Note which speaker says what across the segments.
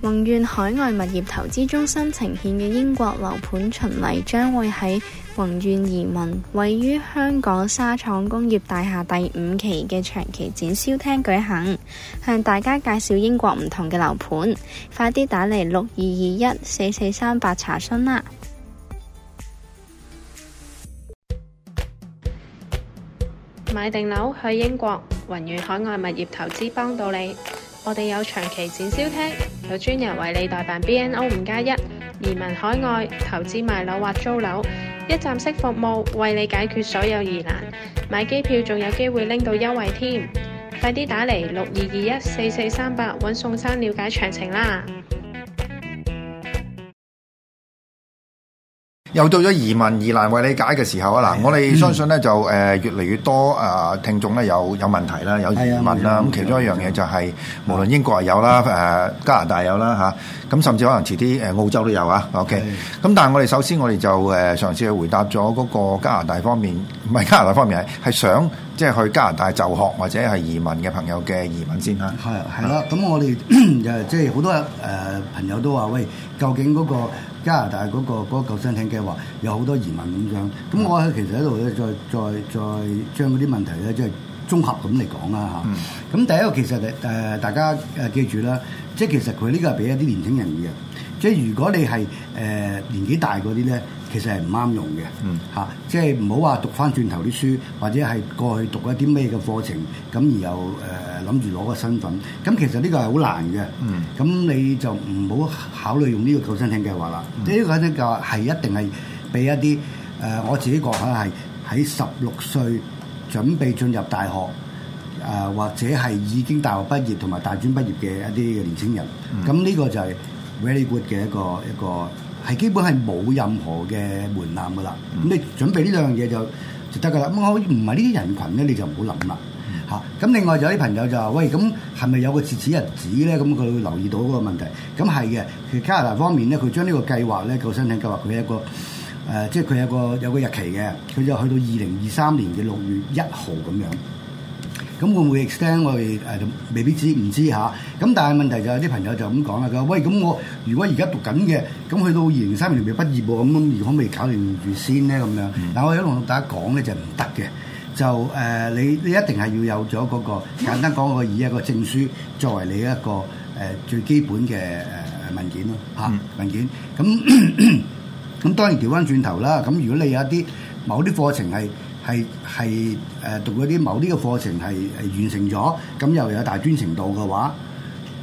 Speaker 1: 宏遠海外物業投資中心呈現嘅英國樓盤巡禮將會喺宏遠移民位於香港沙廠工業大廈第五期嘅長期展銷廳舉行，向大家介紹英國唔同嘅樓盤，快啲打嚟六二二一四四三八查詢啦！
Speaker 2: 買定樓去英國，宏遠海外物業投資幫到你。我哋有長期展銷廳，有專人為你代辦 BNO 五加一移民海外、投資賣樓或租樓，一站式服務為你解決所有疑難。買機票仲有機會拎到優惠添，快啲打嚟六二二一四四三八揾宋生了解詳情啦！又到咗移民疑難為你解嘅時候啊。嗱，我哋相信咧就，誒越嚟越多，啊聽眾咧有有問題啦，有疑問啦。咁其中一樣嘢就係無論英國係有啦，誒加拿大有啦嚇，咁甚至可能遲啲誒澳洲都有啊。OK，咁但係我哋首先我哋就誒嘗試去回答咗嗰個加拿大方面，唔係加拿大方面係係想即係去加拿大就學或者係移民嘅朋友嘅移民先嚇。係係啦，
Speaker 1: 咁我哋就即係好多誒朋友都話喂，究竟嗰個？加拿大嗰、那個嗰、那個救生艇計劃有好多疑問咁樣，咁我喺其實喺度咧，再再再將嗰啲問題咧，即、就、係、是、綜合咁嚟講啦嚇。咁、嗯、第一個其實誒、呃、大家誒記住啦，即係其實佢呢個係俾一啲年輕人嘅，即係如果你係誒、呃、年紀大嗰啲咧。其實係唔啱用嘅，嚇、嗯啊，即係唔好話讀翻轉頭啲書，或者係過去讀一啲咩嘅課程，咁而又誒諗住攞個身份，咁其實呢個係好難嘅，咁、嗯、你就唔好考慮用呢個救生艇計劃啦。呢個計劃係一定係俾一啲誒、呃，我自己覺得係喺十六歲準備進入大學，誒、呃、或者係已經大學畢業同埋大專畢業嘅一啲年青人，咁呢、嗯、個就係 very good 嘅一個一個。一個一個一個係基本係冇任何嘅門檻噶啦，咁、嗯、你準備呢兩樣嘢就就得噶啦。咁可唔係呢啲人群咧，你就唔好諗啦嚇。咁、嗯啊、另外有啲朋友就話：喂，咁係咪有個截止日子咧？咁佢會留意到嗰個問題。咁係嘅，其實加拿大方面咧，佢將呢個計劃咧個申請計劃佢有一個誒，即係佢有一個有一個日期嘅，佢就去到二零二三年嘅六月一號咁樣。咁會唔會 extend？我哋誒就未必知，唔知嚇。咁但係問題就有啲朋友就咁講啦，佢話：喂，咁我如果而家讀緊嘅，咁去到二零三零年未畢業喎，咁咁如果未搞完住先咧，咁樣。嗱，我一路同大家講咧就唔得嘅，就誒你你一定係要有咗嗰個簡單講，我以一個證書作為你一個誒最基本嘅誒文件咯嚇文件。咁咁當然調翻轉頭啦。咁如果你有一啲某啲課程係。係係誒讀嗰啲某啲嘅課程係係完成咗，咁又有大專程度嘅話，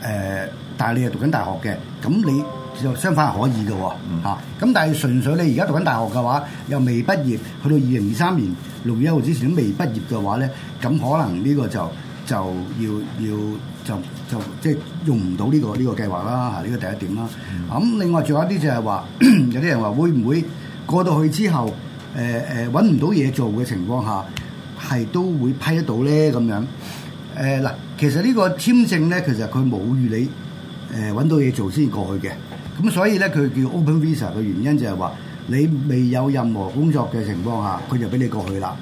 Speaker 1: 誒、呃，但係你係讀緊大學嘅，咁你就相反係可以嘅喎，嚇、嗯啊。咁但係純粹你而家讀緊大學嘅話，又未畢業，去到二零二三年六月一號之前都未畢業嘅話咧，咁可能呢個就就要要就就即係用唔到呢個呢、呢個計劃啦，係、呢、呢個第一點啦。咁、嗯啊、另外仲有一啲就係話， 有啲人話會唔會過到去之後？誒誒揾唔到嘢做嘅情況下，係都會批得到咧咁樣。誒嗱，其實呢個簽證咧，其實佢冇預你誒揾到嘢做先過去嘅。咁所以咧，佢叫 open visa 嘅原因就係話，你未有任何工作嘅情況下，佢就俾你過去啦。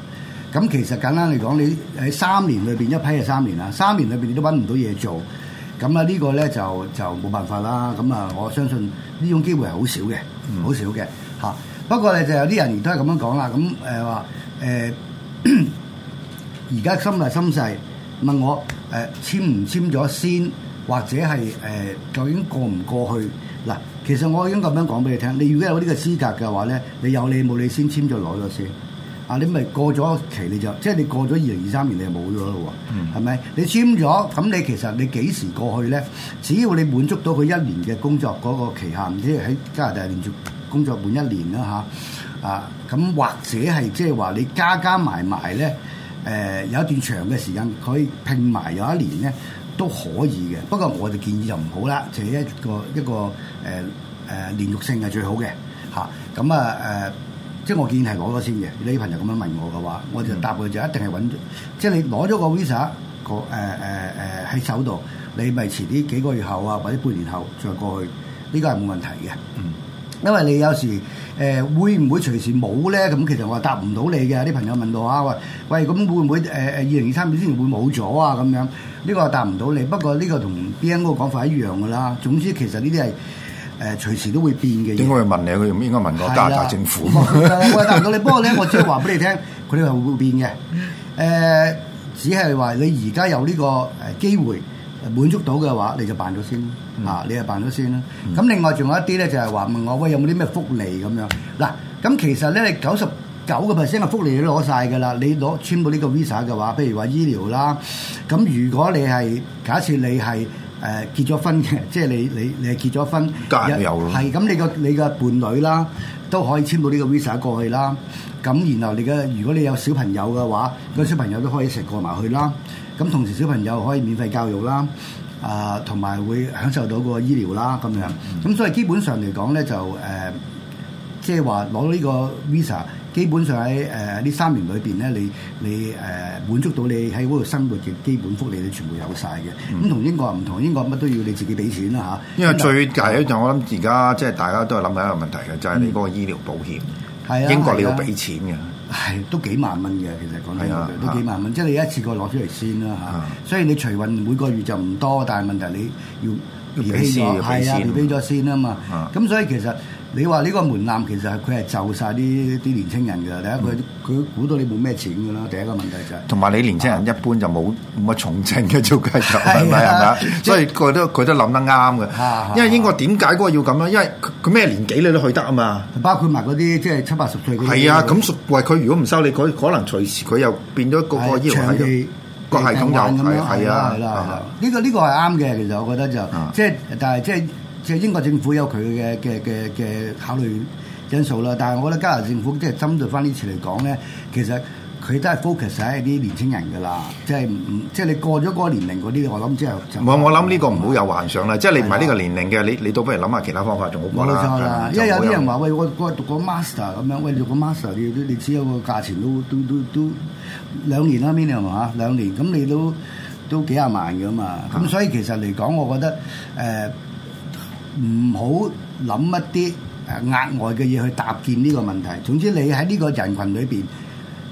Speaker 1: 咁其實簡單嚟講，你喺三年裏邊一批就三年啦。三年裏邊你都揾唔到嘢做，咁啊呢個咧就就冇辦法啦。咁啊，我相信呢種機會係好少嘅，好、嗯、好少嘅嚇。不過咧，就有啲人都係咁樣講啦。咁誒話誒，而家心大心細，問我誒、呃、簽唔簽咗先，或者係誒究竟過唔過去？嗱，其實我已經咁樣講俾你聽。你如果有呢個資格嘅話咧，你有你冇你先簽，咗，攞咗先。啊，你咪過咗期你就，即係你過咗二零二三年，你就冇咗咯喎。係咪、嗯？你簽咗咁，你其實你幾時過去咧？只要你滿足到佢一年嘅工作嗰、那個期限，即係喺加拿大連續。工作滿一年啦嚇，啊咁、啊、或者係即係話你加加埋埋咧，誒、呃、有一段長嘅時間，佢拼埋有一年咧都可以嘅。不過我哋建議就唔好啦，就係、是、一個一個誒誒、呃、連續性係最好嘅嚇。咁啊誒、啊啊，即係我建議係攞咗先嘅。如果你朋友咁樣問我嘅話，我就答佢就一定係揾，嗯、即係你攞咗個 visa 個、呃、誒誒、呃、誒喺、呃、手度，你咪遲啲幾個月後啊，或者半年後再過去，呢個係冇問題嘅，嗯。因為你有時誒、呃、會唔會隨時冇咧？咁其實我答唔到你嘅啲朋友問到、呃、啊，喂喂，咁會唔會誒誒二零二三年之前會冇咗啊？咁樣呢個答唔到你。不過呢個同 BNO 嗰個講法一樣噶啦。總之其實呢啲係誒隨時都會變
Speaker 2: 嘅。應該問你，佢應應該問加拿大政府。係、啊、
Speaker 1: 我答唔到你。 不過咧，我只係話俾你聽，佢哋係會變嘅。誒、呃，只係話你而家有呢個誒機會。滿足到嘅話，你就辦咗先啦、嗯啊。你係辦咗先啦。咁、嗯、另外仲有一啲咧，就係話問我喂，有冇啲咩福利咁樣？嗱，咁其實咧，你九十九個 percent 嘅福利你攞晒㗎啦。你攞簽到呢個 visa 嘅話，譬如話醫療啦。咁如果你係假設你係誒、呃、結咗婚嘅，即係你你你係結咗婚，
Speaker 2: 家有咯，係
Speaker 1: 咁你個你個伴侶啦，都可以簽到呢個 visa 過去啦。咁然後你嘅，如果你有小朋友嘅話，個小朋友都可以一齊過埋去啦。咁同時小朋友可以免費教育啦，啊、呃，同埋會享受到個醫療啦咁樣。咁、嗯、所以基本上嚟講咧，就誒，即係話攞到呢個 Visa，基本上喺誒呢三年裏邊咧，你你誒、呃、滿足到你喺嗰度生活嘅基本福利，你全部有晒嘅。
Speaker 2: 咁同、嗯、英國又唔同，英國乜都要你自己俾錢啦嚇。啊、因為最大一樣、嗯、我諗而家即係大家都係諗緊一個問題嘅，就係、是、你嗰個醫療保險。係、嗯、啊，啊英國你要俾錢嘅。的的係都幾萬蚊嘅，其實講起，都幾萬
Speaker 1: 蚊。即係你一次過攞出嚟先啦嚇，所以的你除運每個月就唔多，但係問題你要。逾期咗，係啊，逾期咗先啊嘛。咁所以其實你話呢個門檻其實佢係就晒啲啲年青人㗎。第一佢佢估到你
Speaker 2: 冇咩錢㗎啦。第一個問題就係，同埋你年青人一般就冇乜重症嘅做雞頭，係咪係？所以佢都佢都諗得啱嘅。因為英國點解嗰個要咁咧？因為佢咩年紀你都去得啊嘛。包括埋嗰啲即係七八十歲嗰啲係啊。咁喂，佢如果唔收你，佢可能隨時佢又變咗一個醫療個咁樣，係係啊，係啦，
Speaker 1: 呢個呢個係啱嘅。其實我覺得就、啊、即係，但係即係，即係英國政府有佢嘅嘅嘅嘅考慮因素啦。但係我覺得加拿大政府即係針對翻呢次嚟講咧，其實。佢都係 focus 喺啲年青人噶啦，即係唔即係你過咗嗰個年齡嗰啲，我諗之後
Speaker 2: 就冇。我我諗呢個唔好有幻想啦，即係你唔係呢個年齡嘅，你你倒不如諗下其他方法仲好啦。冇錯啦，因為有啲人話
Speaker 1: 喂，我我讀個 master 咁樣，喂讀個 master，你你只有個價錢都都都都兩年啦，minimum 嚇兩年，咁你都都幾廿萬嘅嘛。咁所以其實嚟講，我覺得誒唔好諗一啲誒額外嘅嘢去搭建呢個問題。總之你喺呢個人羣裏邊。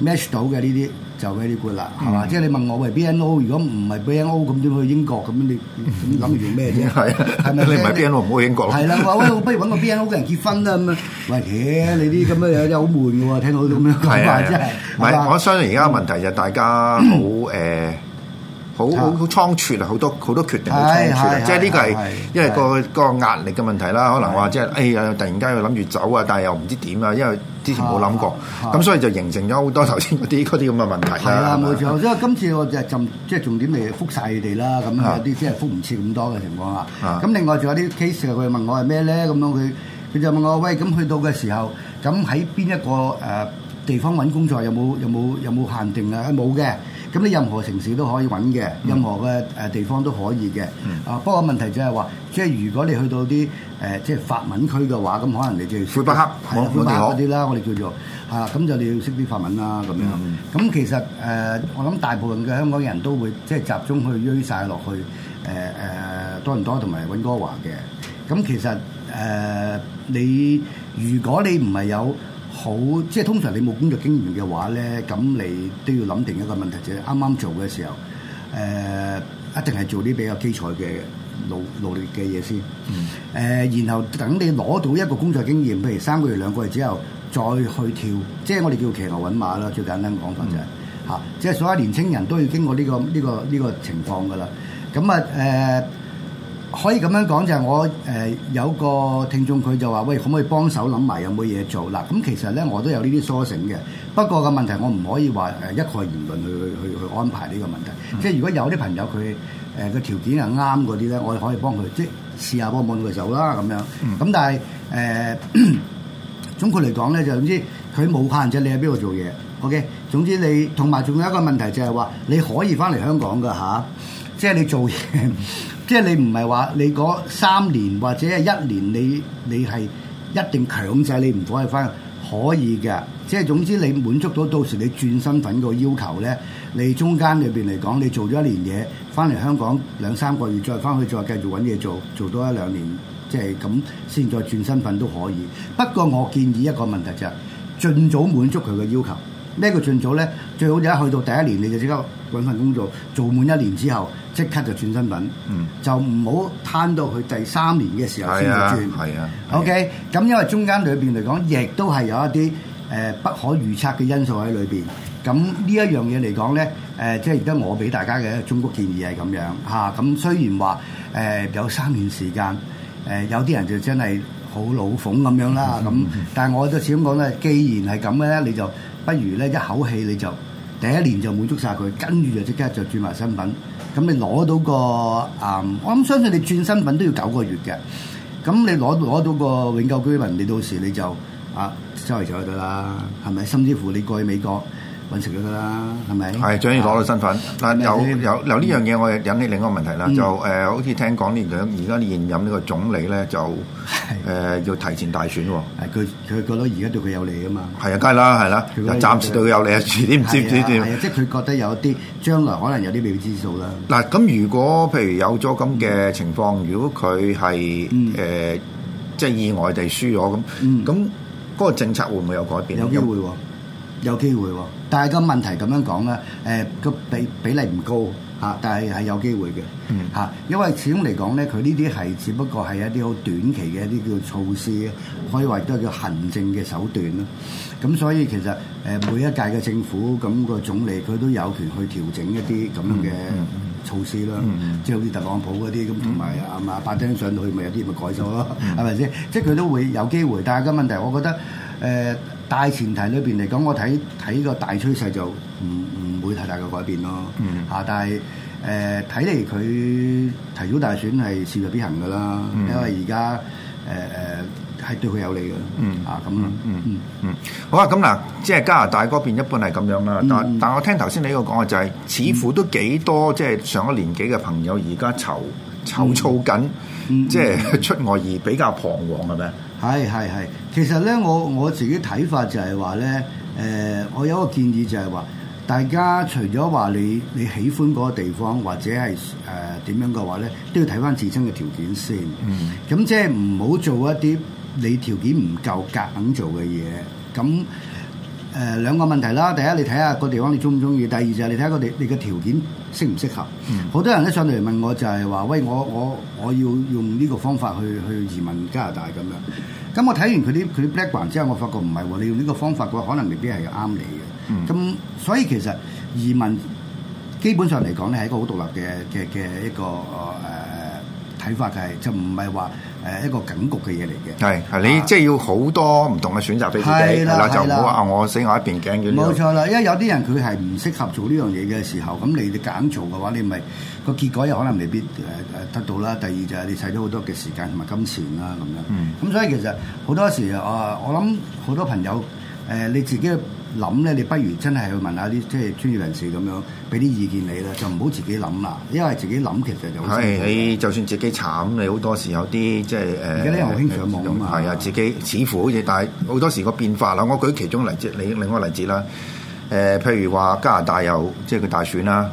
Speaker 1: match 到嘅呢啲就俾你攰啦，係嘛？即係你問我喂，B N O，如果唔係 B N O，咁點去英國？咁你諗住咩啫？係啊，係咪你唔係 B N O 唔
Speaker 2: 好去英國咯？係啦，我喂，
Speaker 1: 不如搵個 B N O 嘅人結婚啦咁啊！喂，你啲咁嘅嘢真係好悶嘅喎，聽到咁樣，係啊，真
Speaker 2: 係。唔係，我相信而家問題就大家好誒。好好好倉促啊！好多好多決定好倉促啊！即係呢個係因為個個壓力嘅問題啦，可能話即係哎呀，突然間要諗住走啊，但係又唔知點啊，因為之前冇諗過，咁所以就形成咗好多頭先嗰啲嗰啲咁嘅問題啊。係啊，冇錯，因為今次我就係就即係重點嚟覆晒你哋啦，咁有啲
Speaker 1: 真係覆唔切咁多嘅情況下，咁另外仲有啲 case 佢問我係咩咧？咁樣佢佢就問我喂，咁去到嘅時候咁喺邊一個誒地方搵工作有冇有冇有冇限定啊？冇嘅。咁你任何城市都可以揾嘅，任何嘅誒地方都可以嘅。啊、嗯，不過問題就係話，即係如果你去到啲誒、呃、即係法文區嘅話，咁可能你就要魁北克，我我哋嗰啲啦，我哋叫做嚇，咁、嗯啊、就你要識啲法文啦咁樣。咁、嗯、其實誒、呃，我諗大部分嘅香港人都會即係集中去晒落去誒誒、呃、多倫多同埋溫哥華嘅。咁其實誒、呃，你如果你唔係有好，即係通常你冇工作經驗嘅話咧，咁你都要諗定一個問題，就係啱啱做嘅時候，誒、呃、一定係做啲比較基礎嘅努努力嘅嘢先。誒、嗯呃，然後等你攞到一個工作經驗，譬如三個月兩個月之後，再去跳，即係我哋叫騎牛搵馬啦，最簡單講法就係、是、嚇、嗯啊，即係所有年輕人都要經過呢、這個呢、這個呢、這個情況噶啦。咁啊誒。呃可以咁樣講就係、是、我誒有個聽眾佢就話，喂，可唔可以幫手諗埋有冇嘢做啦？咁其實咧我都有呢啲疏醒嘅，不過個問題我唔可以話誒一概言論去去去安排呢個問題。嗯、即係如果有啲朋友佢誒個條件係啱嗰啲咧，我可以幫佢即係試下幫幫佢手啦咁樣。咁、嗯、但係誒、呃、總括嚟講咧，就總之佢冇限制你喺邊度做嘢。OK，總之你同埋仲有一個問題就係、是、話你可以翻嚟香港嘅嚇，即、啊、係、就是、你做嘢。 即係你唔係話你嗰三年或者一年你，你你係一定強制你唔可以翻，可以嘅。即係總之你滿足到到時你轉身份個要求咧，你中間裏邊嚟講，你做咗一年嘢，翻嚟香港兩三個月，再翻去再繼續揾嘢做，做多一兩年，即係咁先再轉身份都可以。不過我建議一個問題就係、是，儘早滿足佢嘅要求。咩叫儘早呢？最好就一去到第一年你就即刻揾份工作，做滿一年之後。即刻就轉身份，嗯、就唔好攤到佢第三年嘅時候先轉。係啊，啊，啊，OK。咁因為中間裏邊嚟講，亦都係有一啲誒、呃、不可預測嘅因素喺裏邊。咁呢一樣嘢嚟講咧，誒、呃、即係而家我俾大家嘅中谷建議係咁樣嚇。咁、啊、雖然話誒、呃、有三年時間，誒、呃、有啲人就真係好老奉咁樣啦。咁但係我都始終講咧，既然係咁嘅咧，你就不如咧一口氣你就。第一年就滿足晒佢，跟住就即刻就轉埋身份。咁你攞到個啊，我諗相信你轉身份都要九個月嘅。咁你攞攞到，到個永久居民，你到時你就啊收嚟咗係得啦，係咪？甚至乎你過去美國。
Speaker 2: 揾食嘅啦，係咪？係，最緊要攞到身份。嗱，有有有呢樣嘢，我引起另一個問題啦。就誒，好似聽講呢咁，而家現任呢個總理咧，就誒要提前大選喎。係佢佢覺得而家對佢有利啊嘛。係啊，梗係啦，係啦。暫時對佢有利啊，遲啲唔知唔知點，即
Speaker 1: 係佢覺得有啲將來可能有啲未知數啦。
Speaker 2: 嗱，咁如果譬如有咗咁嘅情況，如果佢係誒即係意外地輸咗咁，咁嗰個政策會唔會有改變？有機會喎。有機會喎，
Speaker 1: 但係個問題咁樣講咧，誒、呃、個比比例唔高嚇、啊，但係係有機會嘅嚇、啊，因為始終嚟講咧，佢呢啲係只不過係一啲好短期嘅一啲叫措施，可以話都係叫行政嘅手段咯。咁所以其實誒、呃、每一屆嘅政府咁個總理，佢都有權去調整一啲咁樣嘅措施啦，即係好似特朗普嗰啲咁，同埋阿阿拜登上到去咪有啲咪改咗咯，係咪先？即係佢都會有機會，但係個問題，我覺得誒。呃呃大前提裏邊嚟講，我睇睇個大趨勢就唔唔會太大嘅改變咯。嗯，啊，但係誒睇嚟佢
Speaker 2: 提早大選係勢在必行噶啦，嗯、因為而家誒誒係對佢有利嘅、嗯啊啊。嗯，啊，咁嗯嗯嗯，好啊，咁嗱，即係加拿大嗰邊一般係咁樣啦。嗯、但但我聽頭先你呢個講嘅就係、是，似乎都幾多即係上咗年紀嘅朋友而家籌籌措緊，嗯嗯嗯、即係出外而比較彷徨嘅咩？係
Speaker 1: 係係。其實咧，我我自己睇法就係話咧，誒、呃，我有一個建議就係話，大家除咗話你，你喜歡嗰個地方或者係誒點樣嘅話咧，都要睇翻自身嘅條件先。嗯。咁即係唔好做一啲你條件唔夠夾硬做嘅嘢。咁誒、呃、兩個問題啦，第一你睇下個地方你中唔中意，第二就係你睇下、嗰個地你嘅條件適唔適合。好、嗯、多人都上嚟問我，就係話：喂，我我我要用呢個方法去去移民加拿大咁樣。咁我睇完佢啲佢啲 background 之後，我發覺唔係喎，你用呢個方法嘅可能未必係啱你嘅。咁、嗯、所以其實移民基本上嚟講，咧，係一個好獨立嘅嘅嘅一個誒睇、
Speaker 2: 呃、法、就是，就係就
Speaker 1: 唔係話。誒一個警局嘅嘢嚟嘅，係係你
Speaker 2: 即係要好多唔同嘅選擇俾自己。係啦的的就唔好話的我死我一邊頸圈。冇
Speaker 1: 錯啦，因為有啲人佢係唔適合做呢樣嘢嘅時候，咁你哋夾硬做嘅話，你咪、個結果又可能未必誒誒、呃、得到啦。第二就係你使咗好多嘅時間同埋金錢啦、啊、咁樣。咁、嗯、所以其實好多時啊、呃，我諗好多朋友誒、呃、你自己。諗咧，你不如真係去問下啲即係專業人士咁樣，俾啲意見你啦，就唔好自己諗啦，因為自己諗其實就係你
Speaker 2: 就算自己慘，你好多時有啲即係誒。而家咧我經常望啊，係啊，嗯嗯、自己似乎好似，但係好多時個變化啦。我舉其中一個例子，你另外例子啦。誒、呃，譬如話加拿大有即係佢大選啦，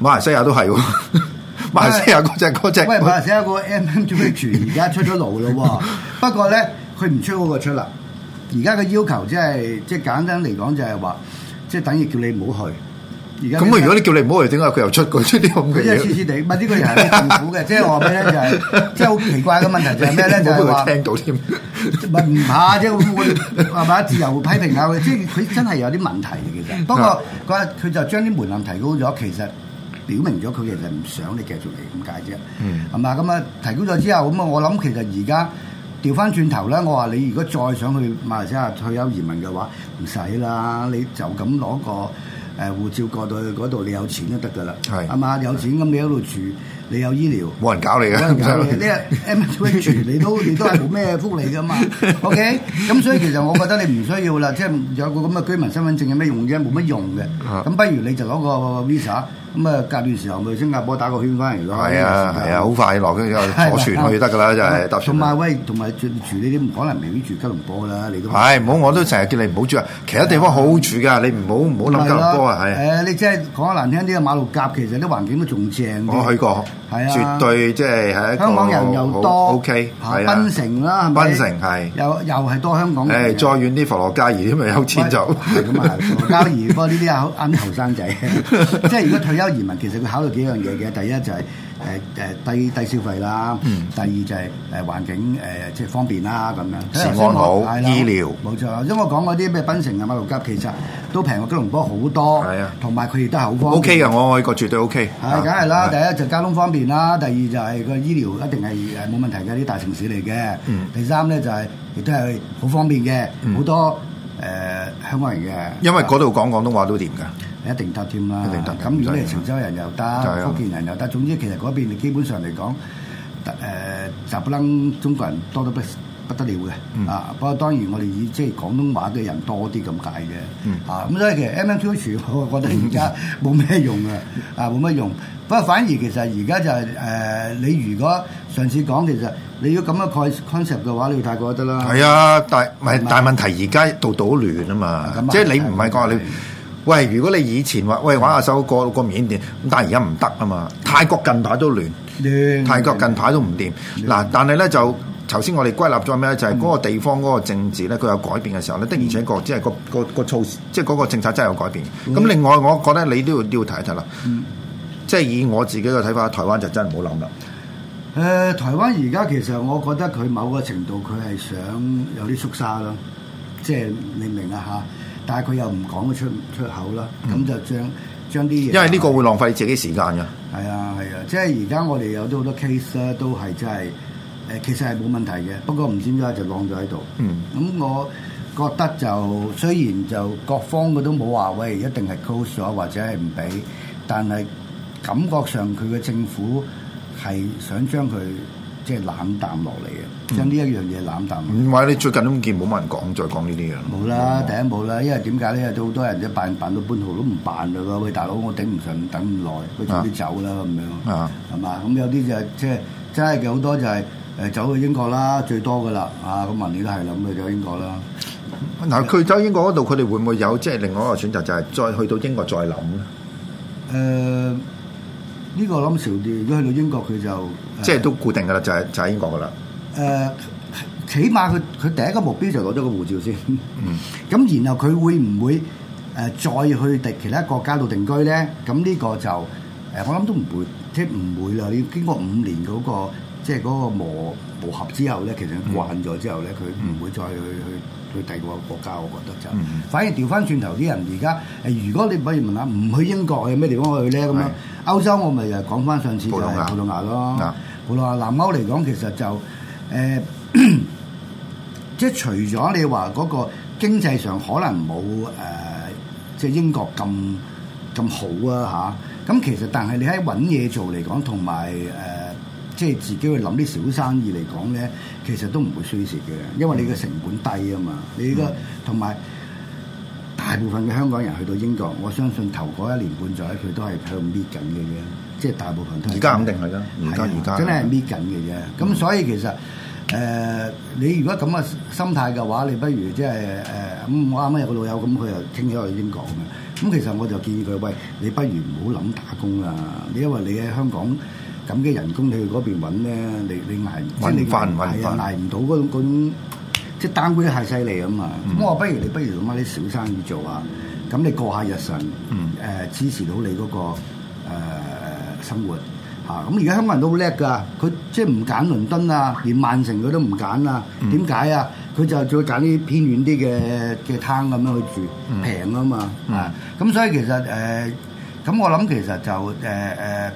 Speaker 2: 馬來西亞都係喎， 馬來西亞
Speaker 1: 嗰隻嗰隻，隻喂，馬來西亞嗰個 M M 主席而家出咗爐咯喎， 不過咧佢唔出嗰個出啦。而家嘅要求即係即係簡單嚟講就係話，即係等於叫你唔好去。而家咁如果你
Speaker 2: 叫你唔好去，點解佢又出佢出啲咁嘅嘢？即係次
Speaker 1: 次哋，乜呢個人係政府嘅，即係話咩咧？就係即係好奇怪嘅問題，就係咩咧？就係
Speaker 2: 話
Speaker 1: 聽到添問下，即係我哋係咪自由批評下佢？即係佢真係有啲問題嘅，其實。 不過佢就將啲門檻提高咗，其實表明咗佢其實唔想你繼續嚟咁解啫。嗯，係嘛？咁啊，提高咗之後，咁啊，我諗其實而家。調翻轉頭咧，我話你如果再想去馬來西亞退休移民嘅話，唔使啦，你就咁攞個誒護照過到去嗰度，你有錢就得噶啦，係，係嘛？有錢咁你喺度住，你有醫
Speaker 2: 療，冇人搞你嘅，
Speaker 1: 冇人搞你 M2H 用你，你都 你都係冇咩福利噶嘛，OK？咁所以其實我覺得你唔需要啦，即係有個咁嘅居民身份證有咩用啫？冇乜用嘅，咁不如你就攞個 Visa。咁啊，隔段時候咪新加坡打個圈翻嚟咯。係啊，係啊，
Speaker 2: 好快落去之後坐船去得㗎啦，就係。同埋
Speaker 1: 喂，同埋住呢啲，唔可能未必住吉隆坡啦，你都係。係，唔好
Speaker 2: 我都成日叫你唔好住啊。其他地方好住㗎，你唔好唔好諗吉隆坡啊，
Speaker 1: 係。誒，你即係講得難聽啲啊，馬六甲其實啲環境都仲正。我去過，係啊，絕對
Speaker 2: 即係香港人又多。O K，係啊，檳城啦，檳城係
Speaker 1: 又又係多香港。誒，
Speaker 2: 再遠啲佛羅加爾因為有錢就。
Speaker 1: 係咁啊，加爾哥呢啲啊啱後生仔，即係如果退移民其實佢考慮幾樣嘢嘅，第一就係誒誒低低消費啦，第二就係誒環境誒即係方便啦咁樣，治安好醫療冇錯。因為我講嗰啲咩檳城啊、馬六甲其實都平過吉隆坡好多，同埋佢亦都係好方便。O K 嘅，我
Speaker 2: 我依個絕對 O K。梗
Speaker 1: 係啦，第一就交通方便啦，第二就係個醫療一定係誒冇問題嘅，啲大城市嚟嘅。第三咧就係亦都係好方便嘅，好多誒香港人嘅。
Speaker 2: 因為嗰度講廣東話都掂㗎。一定得添啦，一定得。咁如果你係潮
Speaker 1: 州人又得，福建人又得。總之其實嗰邊，你基本上嚟講，誒就不楞中國人多得不不得了嘅。啊，不過當然我哋以即係廣東話嘅人多啲咁解嘅。啊，咁所以其實 multiculture 我覺得而家冇咩用啊，啊冇乜用。不過反而其實而家就係誒，你如果上次講其實你要咁樣 concept 嘅話，你會太過得啦。係啊，
Speaker 2: 大咪大問題，而家度度都亂啊嘛。即係你唔係講你。喂，如果你以前話喂玩下手個個緬甸，咁但係而家唔得啊嘛！泰國近排都亂，Yeah. 泰國近排都唔掂。嗱 Yeah.，但係咧就頭先我哋歸納咗咩咧，就嗰、是、個地方嗰個政治咧，佢有改變嘅時候咧，的、mm. 而且確即係個、就是那個、那個措施，即係嗰個政策真係有改變。咁、mm. 另外我覺得你都要都要睇一睇啦。Mm. 即係以我自己嘅睇法，台灣就真係唔好諗啦。
Speaker 1: 誒、呃，台灣而家其實我覺得佢某個程度佢係想有啲縮沙咯，即、就、係、是、你明啊嚇。但係佢又唔講出出口啦，咁、嗯、就將將啲嘢。因為呢個會
Speaker 2: 浪費自己時間嘅、嗯。
Speaker 1: 係啊係啊，即係而家我哋有咗好多 case 咧，都係即係誒，其實係冇問題嘅，不過唔知點解就晾咗喺度。嗯。咁我覺得就雖然就各方嘅都冇話，喂、哎，一定係 close 咗或者係唔俾，但係感覺上佢嘅政府係想將佢即係冷淡落嚟嘅。將呢一樣嘢攬曬。唔係你最近
Speaker 2: 都見冇乜人講，再講呢啲嘢冇啦，了了第
Speaker 1: 一冇啦，因為點解咧？有好多人即係辦辦到半途都唔辦啦，喂，大佬，我頂唔順，等咁耐，佢自己走啦咁樣，係嘛、啊？咁有啲就是、即係真係好多就係、是、誒走去英國啦，最多噶啦嚇。咁問你都係諗
Speaker 2: 去咗英國啦。嗱，佢走英國嗰度，佢哋會唔會有即係、就是、另外一個選擇，就係再去到英國再諗
Speaker 1: 咧？誒、呃，呢、這個諗少啲。如果去到英國，佢
Speaker 2: 就即係都固定噶啦，就係就喺英國噶啦。
Speaker 1: 誒、呃，起碼佢佢第一個目標就攞咗個護照先，咁、嗯、然後佢會唔會誒、呃、再去第其他國家度定居咧？咁、這、呢個就誒、呃，我諗都唔會，即係唔會啦。你經過五年嗰、那個即係嗰個磨磨合之後咧，其實慣咗之後咧，佢唔會再去、嗯、去去第二個國家。我覺得就，嗯、反而調翻轉頭啲人而家誒，如果你比如問下唔去英國去咩地方去咧咁樣，歐是洲我咪又講翻上次葡萄牙咯，葡萄牙南歐嚟講其實就。誒， 即係除咗你話嗰個經濟上可能冇誒、呃，即係英國咁咁好啊嚇。咁其實但係你喺揾嘢做嚟講，同埋誒，即係自己去諗啲小生意嚟講咧，其實都唔會衰蝕嘅，因為你嘅成本低啊嘛。你個同埋大部分嘅香港人去到英國，我相信頭嗰一年半載佢都係喺度搣緊嘅啫，即係大部分都而家肯定係啦，而家而家真係搣緊嘅啫。咁、嗯、所以其實。誒、呃，你如果咁嘅心態嘅話，你不如即係誒咁。我啱啱有個老友咁，佢又傾咗去英國嘅。咁其實我就建議佢，喂，你不如唔好諗打工啦，因為你喺香港咁嘅人工邊，你去嗰邊揾咧，你你捱唔、啊？揾唔翻？捱啊捱唔到嗰種嗰種，即係單工都係犀利啊嘛。咁、嗯、我話不如你不如做埋啲小生意做下，咁你過下日晨，誒、嗯呃、支持到你嗰、嗰個、呃、生活。嚇！咁而家香港人都好叻㗎，佢即係唔揀倫敦啊，連曼城佢都唔揀啊。點解啊？佢就仲要揀啲偏遠啲嘅嘅攤咁樣去住，平啊嘛。啊、嗯！咁、嗯、所以其實誒，咁、呃、我諗其實就誒誒、呃呃，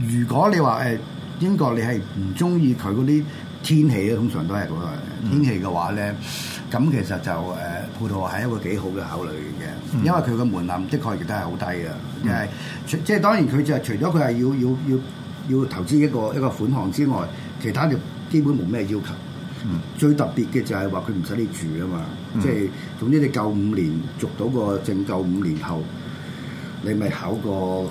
Speaker 1: 如果你話誒、呃、英國你係唔中意佢嗰啲天氣咧，通常都係嗰個天氣嘅話咧。嗯嗯咁其實就誒葡萄牙係一個幾好嘅考慮嘅，嗯、因為佢嘅門檻的確亦都係好低嘅，因即係當然佢就除咗佢係要要要要投資一個一個款項之外，其他就基本冇咩要求。嗯、最特別嘅就係話佢唔使你住啊嘛，即係、嗯就是、總之你夠五年續到個證夠五年後你咪考個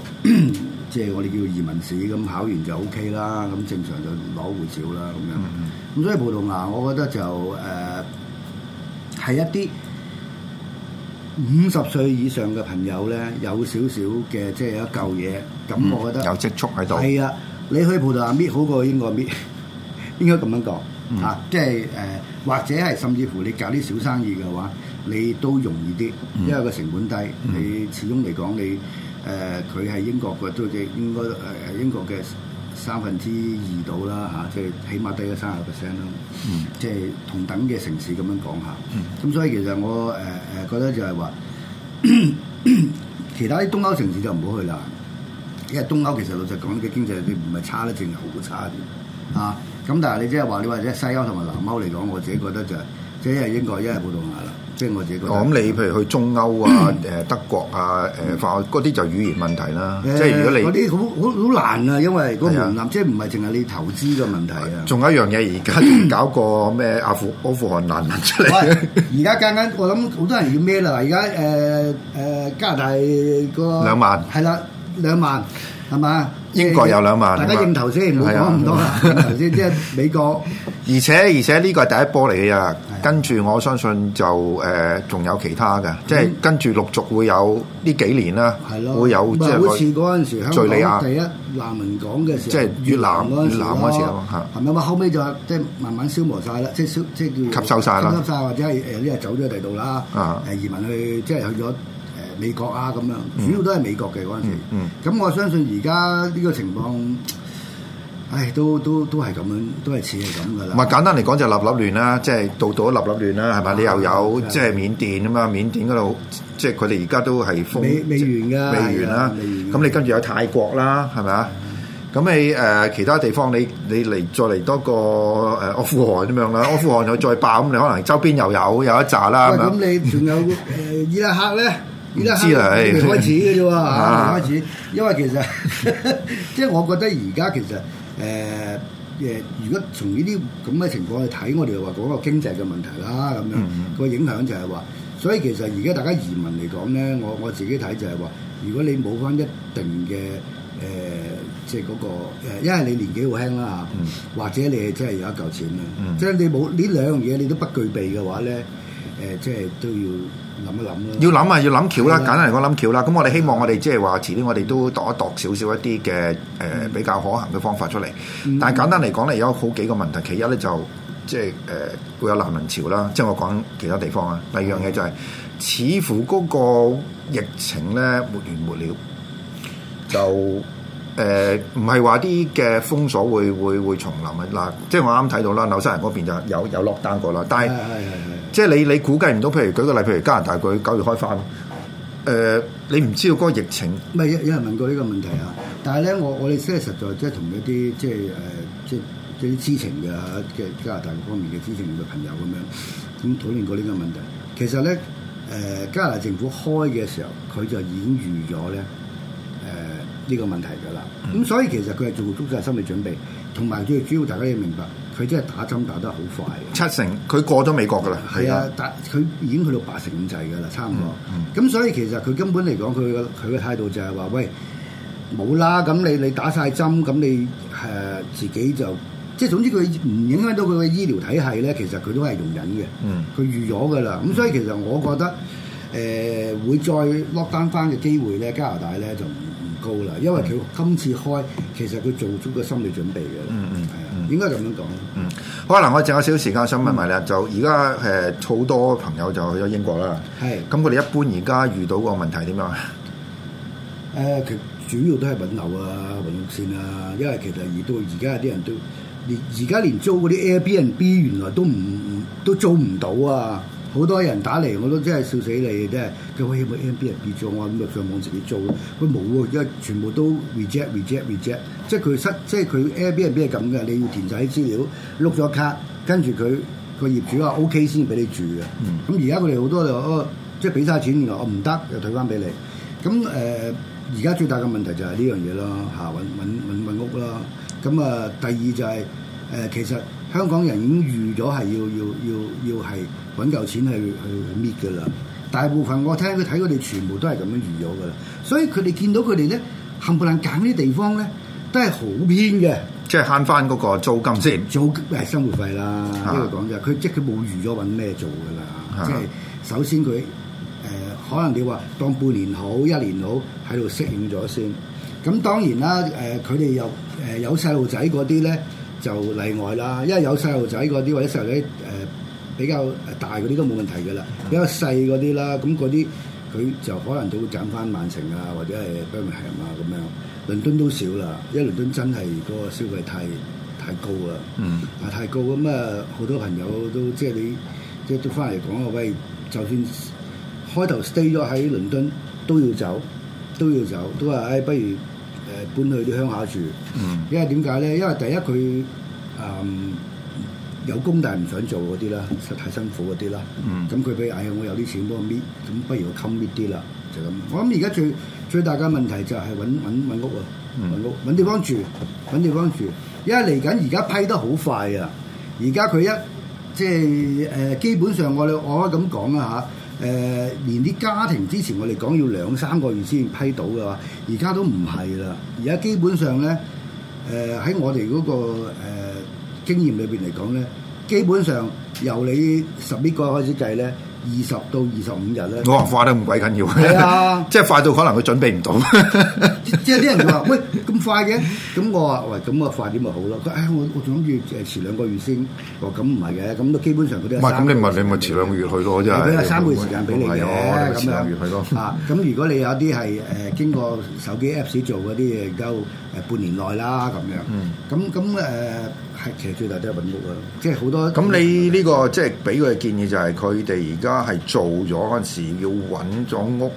Speaker 1: 即係我哋叫移民試，咁考完就 O、OK、K 啦，咁正常就攞護照啦咁樣。咁、嗯嗯、所以葡萄牙，我覺得就誒。呃係一啲五十歲以上嘅朋友咧，有少少嘅即係一嚿嘢，咁、嗯、我覺得有積蓄喺度。係啊，你去葡萄牙搣好過英國搣，應該咁樣講嚇、嗯啊。即係誒、呃，或者係甚至乎你搞啲小生意嘅話，你都容易啲，嗯、因為個成本低。嗯、你始終嚟講，你誒佢係英國嘅，都應應該、呃、英國嘅。三分之二到啦嚇，即係起碼低咗三十個 percent 啦，即、啊、係、嗯、同等嘅城市咁樣講下。咁、嗯、所以其實我誒誒、呃呃、覺得就係話， 其他啲東歐城市就唔好去啦，因為東歐其實老實講嘅經濟佢唔係差得淨係好差啲。嗯、啊，咁但係你即係話你話即係西歐同埋南歐嚟講，我自己覺得就即係一係英國，一係葡萄牙。即係我自己講。你譬
Speaker 2: 如去中歐啊，誒德國啊，誒法國嗰啲就語言問題啦。呃、即係如果你嗰啲好好好難啊，因為嗰個門檻、啊、即係唔係淨係你投資嘅問題啊。仲有一樣嘢，而家搞個咩阿，阿富汗難民出嚟。
Speaker 1: 而家間間我諗好多人要咩啦？而家誒誒加拿大、嗰個兩萬係啦，兩萬係嘛？英國有兩萬，大家應頭先唔好講咁多啦。應
Speaker 2: 頭先即係美國，而且而且呢個係第一波嚟嘅呀。跟住我相信就誒仲有其他嘅，即係跟住陸續會有呢幾年啦。係
Speaker 1: 咯，會有即係好似嗰陣時香港第一難民港嘅時候，即係越南、越南嗰時候嚇。係咪嘛？後尾就即係慢慢消磨晒啦，即係消即係吸收晒啦，吸收曬或者係誒啲人走咗喺度啦，誒移民去即係去咗。美國啊，咁樣，主要都係美國嘅嗰陣時。咁我相信而家呢個情況，唉，都都都係咁樣，都係似係咁噶啦。唔係
Speaker 2: 簡單嚟講就立立亂啦，即係到到咗立立亂啦，係咪？你又有即係緬甸啊嘛，緬甸嗰度即係佢哋而家都係封美
Speaker 1: 元噶美元啦。
Speaker 2: 咁你跟住有泰國啦，係咪啊？咁你誒其他地方你你嚟再嚟多個誒阿富汗咁樣啦，阿富汗又再爆咁，你可能周邊又有有一紮啦咁樣。咁
Speaker 1: 你仲有伊拉克咧？而家係未開始嘅啫喎，開始。因為其實即係 我覺得而家其實誒誒、呃呃，如果從呢啲咁嘅情況去睇，我哋話講個經濟嘅問題啦，咁樣、個影響就係話，嗯嗯、所以其實而家大家移民嚟講咧，我我自己睇就係話，如果你冇翻一定嘅誒，即係嗰個因為你年紀好輕啦、啊、嚇，嗯、或者你真係有一嚿錢啊，嗯嗯、即係你冇呢兩樣嘢，你都不具備嘅話咧，誒、呃，即、呃、係、呃呃、都要。諗一諗要諗想啊，要諗巧啦。的
Speaker 2: 簡單嚟講，諗橋啦。咁的我哋希望的我哋即係話遲啲，我哋都度一度少少一啲嘅誒比較可行嘅方法出嚟。嗯、但係簡單嚟講咧，有好幾個問題。其一咧就即係誒會有難民潮啦，即係我講其他地方啊。第二樣嘢就係、是、的似乎嗰個疫情咧沒完沒了，沒了就。誒唔係話啲嘅封鎖會會會重臨啊！嗱，即係我啱睇到啦，紐西蘭嗰邊就有有、有落單過啦。但係即係你你估計唔到，譬如舉個例，譬如加拿大佢九月開翻。誒、呃，你唔知道嗰個疫情。唔係有有人問過呢個問題啊？但係咧，我我哋即係實在即係同、
Speaker 1: 呃、一啲即係誒即係啲知情嘅嘅加拿大方面嘅知情嘅朋友咁樣咁討論過呢個問題。其實咧誒、呃，加拿大政府開嘅時候，佢就已經預咗咧誒。呃呃呢個問題嘅啦，咁、嗯、所以其實佢係做足曬心理準備，同埋最主要大家要明白，佢真係打針打得好快，七
Speaker 2: 成佢過咗美國嘅啦，係啊，
Speaker 1: 但佢已經去到八成五制嘅啦，差唔多。咁、嗯嗯、所以其實佢根本嚟講，佢佢嘅態度就係話：喂，冇啦，咁你你打晒針，咁你誒、呃、自己就即係總之佢唔影響到佢嘅醫療體系咧，其實佢都係容忍嘅。嗯，佢預咗嘅啦。咁、嗯嗯、所以其實我覺得誒、呃、會再 lockdown 返嘅機會咧，加拿大咧就。高啦，因為佢今次開，其實佢做足個心理準備嘅、嗯，嗯嗯，係啊，應該咁樣講。嗯，
Speaker 2: 好啊，我剩有少少時間，我想問埋咧，嗯、就而家誒好多朋友就去咗英國啦，係，咁佢哋一般而家遇到個問題點樣？
Speaker 1: 誒、呃，其主要都係揾樓啊，揾屋先啊，因為其實而到而家啲人都連而家連租嗰啲 Airbnb 原來都唔都租唔到啊。好多人打嚟，我都真係笑死你，真係！佢好希望 Airbnb 做啊？咁就上網自己做。佢冇喎，因為全部都 reject，reject，reject re。Re 即係佢失，即係佢 Airbnb 係咁嘅。你要填晒啲資料，碌咗卡，跟住佢個業主話 OK 先俾你住嘅。咁而家佢哋好多就，即係俾晒錢，原來我唔得，就退翻俾你。咁誒，而、呃、家最大嘅問題就係呢樣嘢咯，嚇！揾揾揾揾屋啦。咁啊、呃，第二就係、是、誒、呃，其實。香港人已經預咗係要要要要係揾夠錢去去搣㗎啦。大部分我聽佢睇佢哋全部都係咁樣預咗㗎啦。所以佢哋見到佢哋咧，冚唪唥揀啲地方咧，都係好偏嘅，那個。即係慳翻嗰個租金先。租誒生活費啦，呢度講就佢即係佢冇預咗揾咩做㗎啦。即係首先佢誒、呃，可能你話當半年好一年好喺度適應咗先。咁當然啦誒，佢哋又誒有細路仔嗰啲咧。呃就例外啦，因為有細路仔嗰啲或者細路仔誒比較大嗰啲都冇問題嘅啦，比較細嗰啲啦，咁嗰啲佢就可能都會揀返曼城啊，或者係伯明翰啊咁樣。倫敦都少啦，因為倫敦真係嗰個消費太太高啦，嗯、啊太高咁啊！好、嗯、多朋友都即係你即係都翻嚟講啊，喂、嗯，就算開頭 stay 咗喺倫敦都要走，都要走，都話誒、哎、不如。誒搬去啲鄉下住，嗯、因為點解咧？因為第一佢誒、嗯、有工但係唔想做嗰啲啦，實太辛苦嗰啲啦。咁佢畀哎呀，我有啲錢幫我搣，咁不如我襟搣啲啦，就咁。我諗而家最最大嘅問題就係揾揾揾屋啊，揾、嗯、屋揾地方住，揾地方住。因為嚟緊而家批得好快啊，而家佢一即係誒，基本上我哋我咁講啊嚇。誒、呃，連啲家庭之前我哋講要兩三個月先批到嘅話，而家都唔係啦。而家基本上咧，誒、呃、喺我哋嗰、那個誒、呃、經驗裏邊嚟講咧，基本上由你十幾個開始計咧。二十到二十五日咧，我話快
Speaker 2: 得咁鬼緊要，係啊，即係快到可能佢準備唔到，
Speaker 1: 即係啲人話喂咁快嘅，咁我話喂咁我快點咪好咯，誒我我仲諗住誒遲兩個月先，我咁唔係嘅，咁都基本上佢都唔係咁你咪
Speaker 2: 你咪遲兩個月去咯，即係俾個三個月時間俾你嘅咁樣啊，
Speaker 1: 咁如果你有啲係誒經過手機 Apps 做嗰啲嘢夠誒半年內啦咁
Speaker 2: 樣，
Speaker 1: 咁咁誒。係，其實最大都係揾屋啊，
Speaker 2: 即係好多。咁你呢個即係俾佢嘅建議，就係佢哋而家係做咗嗰陣時，要揾咗屋，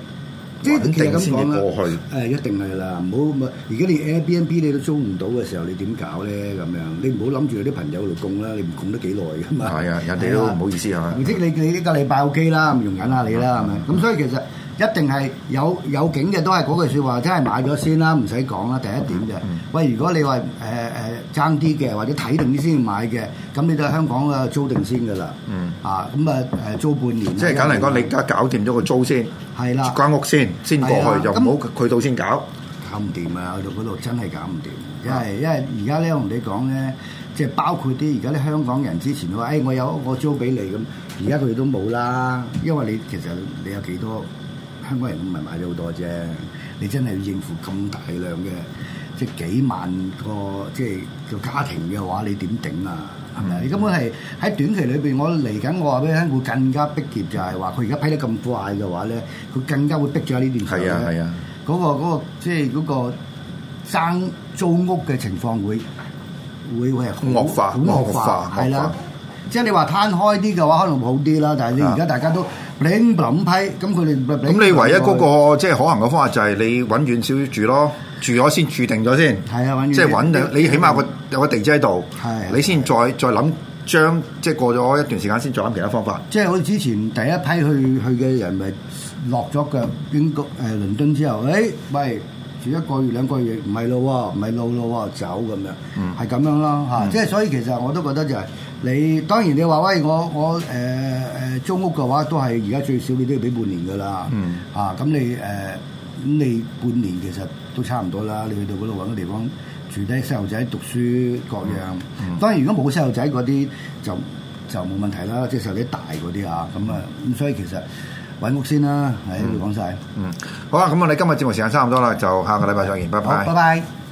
Speaker 2: 即係一定先嚟過去。
Speaker 1: 誒、嗯，一定係啦，唔好唔係。而家你 Airbnb 你都租唔到嘅時候，你點搞咧？咁樣你唔好諗住有啲朋友度供啦，你唔供得幾耐噶嘛？係啊，人哋都唔、啊、好意思嚇、啊。唔知你你一個禮拜 OK 啦，唔容忍下你啦，係咪的？咁所以其實。一定係有有景嘅，都係嗰句說話，真係買咗先啦，唔使講啦，第一點啫。嗯、喂，如果你話誒誒爭啲嘅，或者睇定啲先買嘅，咁你都係香港嘅租定先噶啦、
Speaker 2: 嗯啊。嗯。啊，咁啊誒租半年。即係簡單嚟講，嗯、你而家搞掂咗個租先。係啦。間屋先，先過去就唔好渠道先搞。搞唔掂啊！到嗰度真係搞唔掂，
Speaker 1: 因為因為而家咧，我同你講咧，即係包括啲而家啲香港人之前話：，誒、哎、我有我租俾你咁，而家佢哋都冇啦，因為你其實你有幾多？香港人唔係買咗好多啫，你真係要應付咁大量嘅，即係幾萬個即係個家庭嘅話，你點頂啊？係咪？你根本係喺短期裏邊，我嚟緊我話俾你聽，會更加逼傑，就係話佢而家批得咁快嘅話咧，佢更加會逼住喺呢段時間。係啊係啊，嗰個嗰個即係嗰個爭租屋嘅情況會
Speaker 2: 會會係惡化惡化係啦。
Speaker 1: 即係你話攤開啲嘅話，可能會好啲啦。但係你而家大家都零零批，咁佢哋咁你唯一嗰個
Speaker 2: 即係可行嘅方法就係你揾遠少少住咯，住咗先住定咗先。係啊，即係揾你，你起碼個有個地址喺度，是啊、你先再再諗將即係、就是、過咗一段時間先再諗其他方法。
Speaker 1: 即係我之前第一批去去嘅人咪落咗腳邊個誒倫敦之後，誒喂住一個月兩個月唔係咯喎，唔係路咯喎，走咁樣，係咁、嗯、樣咯嚇。即係、嗯、所以其實我都覺得就係、是。你當然你話喂我我誒誒、呃、租屋嘅話都係而家最少你都要俾半年㗎啦，
Speaker 2: 嗯、
Speaker 1: 啊咁你誒咁、呃、你半年其實都差唔多啦。你去到嗰度搵個地方住低，細路仔讀書各樣。嗯嗯、當然如果冇細路仔嗰啲就就冇問題啦，即係細路
Speaker 2: 仔大嗰啲嚇咁啊咁、嗯啊。所以其實搵屋先啦，係你講晒。哎、嗯，好啦，咁我哋今日節目時間差唔多啦，就下個禮拜再見，拜拜、嗯。拜拜。Bye bye bye